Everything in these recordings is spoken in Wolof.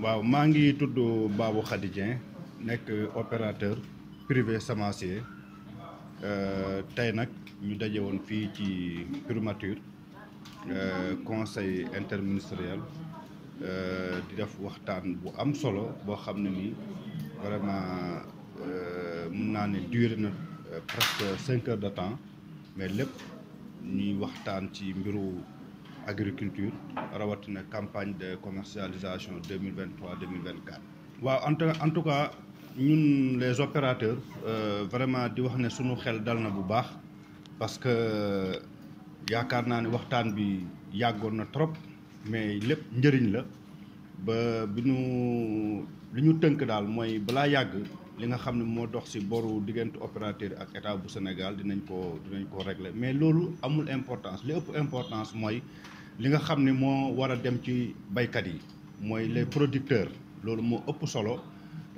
waaw maa ngi tudd baabu Khady Dieng nekk opérateur privé semencier euh, tey nag ñu daje woon fii ci primature euh, conseil interministériel euh, di def waxtaan bu am solo boo xam ne nii vraiment mun naa ne duré na presque cinq de temps mais lépp ñuy waxtaan ci mbiru. agriculture na campagne de commercialisation 2023-2024. waaw en tout cas ñun les opérateurs euh, vraiment di wax ne suñu xel dal bu baax parce que euh, yaakaar naa ne waxtaan bi yàggoon na trop mais lépp njëriñ la ba bi ñu li ñu tënk daal mooy li nga xam ne moo dox ci boru diggante opérateur ak état bu Sénégal dinañ ko dinañ ko régler mais loolu amul importance li ëpp importance mooy li nga xam ne moo war a dem ci baykat yi mooy les producteurs loolu moo ëpp solo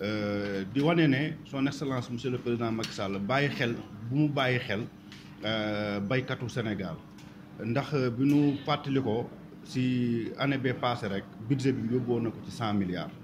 euh, di wane ne son excellence monsieur le président Macky Sall bàyyi xel bu mu bàyyi xel euh, baykatu Sénégal ndax euh, bi nu fàttali ko ci année bee passé rek budget bi yóbbuwoon na ko ci 100 milliards.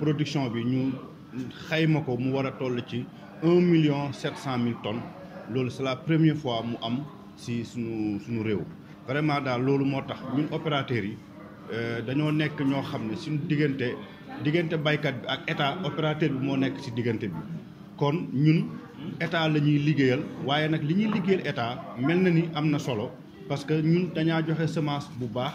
production bi ñu xayma ko mu wara toll ci 1 million sept cent tonnes lolu c'est la première fois mu am ci suñu suñu réew vraiment da lolu motax ñun opérateurs yi euh dañoo nekk ño xam suñu digënté digënté baykat bi ak état opérateur bi mo nekk ci digënté bi kon ñun état lañuy liggéeyal waye nak liñuy liggéeyal état mel ni amna solo parce que ñun dañaa joxe semence bu baax